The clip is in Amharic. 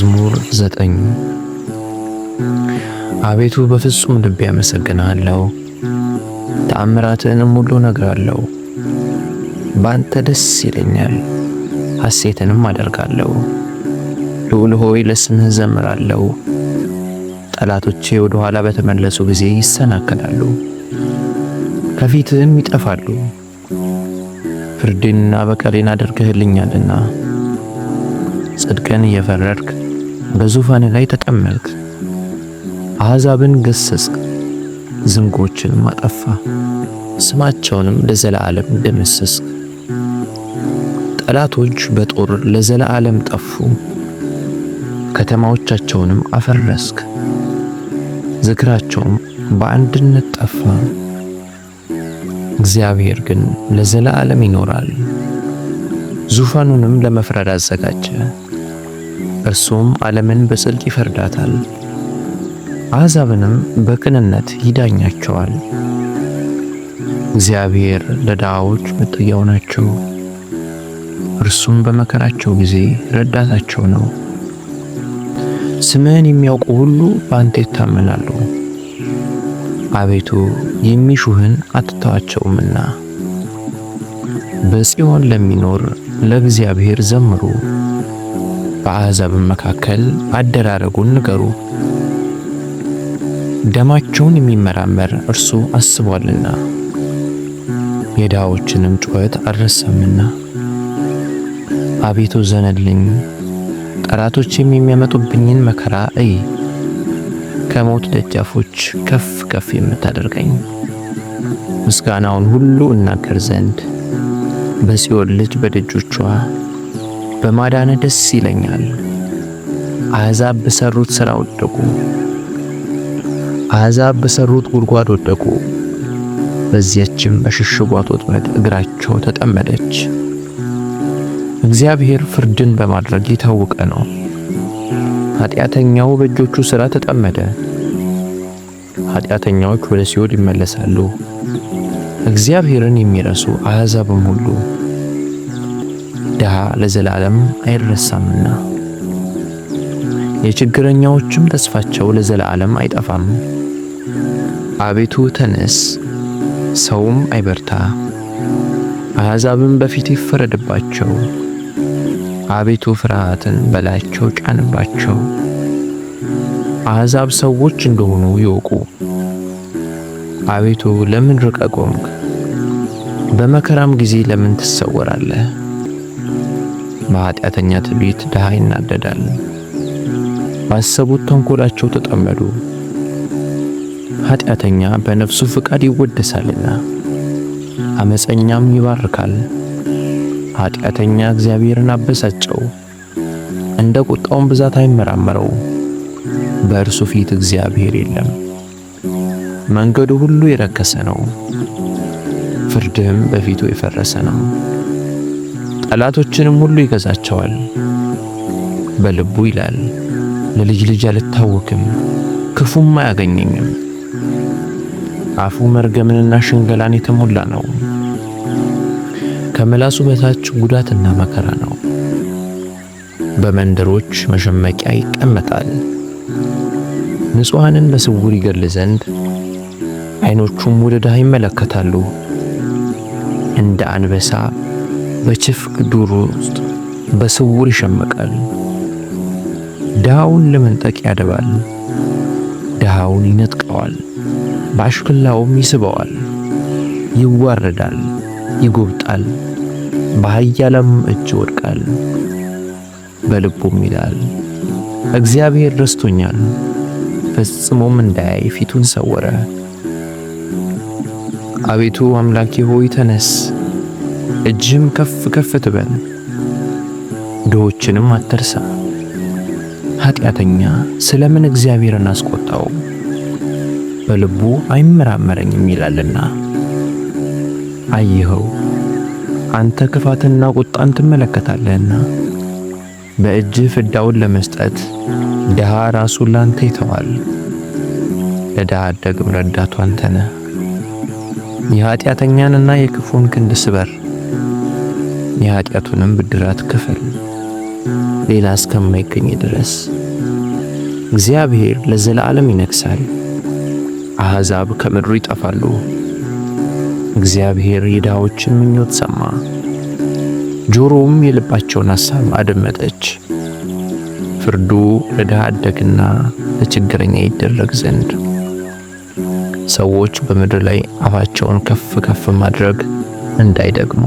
መዝሙር ዘጠኝ አቤቱ በፍጹም ልቤ አመሰግናለሁ፣ ተአምራትህንም ሁሉ እነግራለሁ። በአንተ ደስ ይለኛል፣ ሐሴትንም አደርጋለሁ። ልዑል ሆይ ለስምህ ዘምራለሁ። ጠላቶቼ ወደ ኋላ በተመለሱ ጊዜ ይሰናከላሉ፣ ከፊትህም ይጠፋሉ። ፍርድንና በቀሌን አድርገህልኛልና ጽድቅን እየፈረድክ በዙፋን ላይ ተቀመልክ፣ አሕዛብን ገሰስክ፣ ዝንጎችንም አጠፋ፣ ስማቸውንም ለዘላለም ደመሰስክ። ጠላቶች በጦር ለዘላለም ጠፉ፣ ከተማዎቻቸውንም አፈረስክ፣ ዝክራቸውም በአንድነት ጠፋ። እግዚአብሔር ግን ለዘላለም ይኖራል፣ ዙፋኑንም ለመፍረድ አዘጋጀ። እርሱም ዓለምን በጽድቅ ይፈርዳታል፣ አሕዛብንም በቅንነት ይዳኛቸዋል። እግዚአብሔር ለድሃዎች መጠጊያው ናቸው፣ እርሱም በመከራቸው ጊዜ ረዳታቸው ነው። ስምህን የሚያውቁ ሁሉ በአንተ ይታመናሉ፣ አቤቱ የሚሹህን አትተዋቸውምና። በጽዮን ለሚኖር ለእግዚአብሔር ዘምሩ። በአሕዛብ መካከል አደራረጉን ንገሩ፣ ደማቸውን የሚመራመር እርሱ አስቧልና የድሃዎችንም ጩኸት አልረሳምና። አቤቱ ዘነልኝ፣ ጠላቶችም የሚያመጡብኝን መከራ እይ። ከሞት ደጃፎች ከፍ ከፍ የምታደርገኝ ምስጋናውን ሁሉ እናገር ዘንድ በሲኦል ልጅ በደጆቿ በማዳነ ደስ ይለኛል። አሕዛብ በሰሩት ሥራ ወደቁ፣ አሕዛብ በሰሩት ጉድጓድ ወደቁ። በዚያችም በሽሽጓት ወጥመድ እግራቸው ተጠመደች። እግዚአብሔር ፍርድን በማድረግ የታወቀ ነው። ኃጢአተኛው በእጆቹ ሥራ ተጠመደ። ኃጢአተኛዎች ወደ ሲኦል ይመለሳሉ። እግዚአብሔርን የሚረሱ አሕዛብም ሁሉ ድሃ ለዘላለም አይረሳምና የችግረኛዎችም ተስፋቸው ለዘላለም አይጠፋም። አቤቱ ተነስ፣ ሰውም አይበርታ፣ አሕዛብም በፊት ይፈረድባቸው። አቤቱ ፍርሃትን በላያቸው ጫንባቸው፣ አሕዛብ ሰዎች እንደሆኑ ይወቁ። አቤቱ ለምን ርቀቆምክ? በመከራም ጊዜ ለምን ትሰወራለህ? በኃጢአተኛ ትዕቢት ድሃ ይናደዳል። ባሰቡት ተንኮላቸው ተጠመዱ። ኃጢአተኛ በነፍሱ ፍቃድ ይወደሳልና አመፀኛም ይባርካል። ኃጢአተኛ እግዚአብሔርን አበሳጨው፣ እንደ ቁጣውን ብዛት አይመራመረው። በእርሱ ፊት እግዚአብሔር የለም። መንገዱ ሁሉ የረከሰ ነው፣ ፍርድህም በፊቱ የፈረሰ ነው። ጠላቶችንም ሁሉ ይገዛቸዋል። በልቡ ይላል ለልጅ ልጅ አልታወክም፣ ክፉም አያገኘኝም። አፉ መርገምንና ሽንገላን የተሞላ ነው። ከምላሱ በታች ጉዳትና መከራ ነው። በመንደሮች መሸመቂያ ይቀመጣል። ንጹሐንን በስውር ይገል ዘንድ ዓይኖቹም ወደ ድሃ ይመለከታሉ። እንደ አንበሳ በችፍግ ዱር ውስጥ በስውር ይሸምቃል። ድሃውን ለመንጠቅ ያደባል። ድሃውን ይነጥቀዋል፣ በአሽክላውም ይስበዋል። ይዋረዳል፣ ይጎብጣል፣ በኃያላም እጅ ይወድቃል። በልቡም ይላል እግዚአብሔር ረስቶኛል፣ ፈጽሞም እንዳያይ ፊቱን ሰወረ። አቤቱ አምላኬ ሆይ ተነስ እጅም ከፍ ከፍ ትበል፣ ድሆችንም አትርሳ። ኃጢአተኛ ስለምን እግዚአብሔርን አስቆጣው? በልቡ አይመራመረኝም ይላልና። አየኸው፣ አንተ ክፋትና ቁጣን ትመለከታለህና በእጅህ ፍዳውን ለመስጠት ድሃ ራሱን ላንተ ይተዋል። ለድሃ አደግም ረዳቱ አንተ ነህ። የኃጢአተኛንና የክፉን ክንድ ስበር። የኃጢአቱንም ብድራት ክፈል ሌላ እስከማይገኝ ድረስ። እግዚአብሔር ለዘላለም ይነግሣል፣ አሕዛብ ከምድሩ ይጠፋሉ። እግዚአብሔር የድሃዎችን ምኞት ሰማ፣ ጆሮውም የልባቸውን ሐሳብ አደመጠች። ፍርዱ ለድሃ አደግና ለችግረኛ ይደረግ ዘንድ ሰዎች በምድር ላይ አፋቸውን ከፍ ከፍ ማድረግ እንዳይደግሙ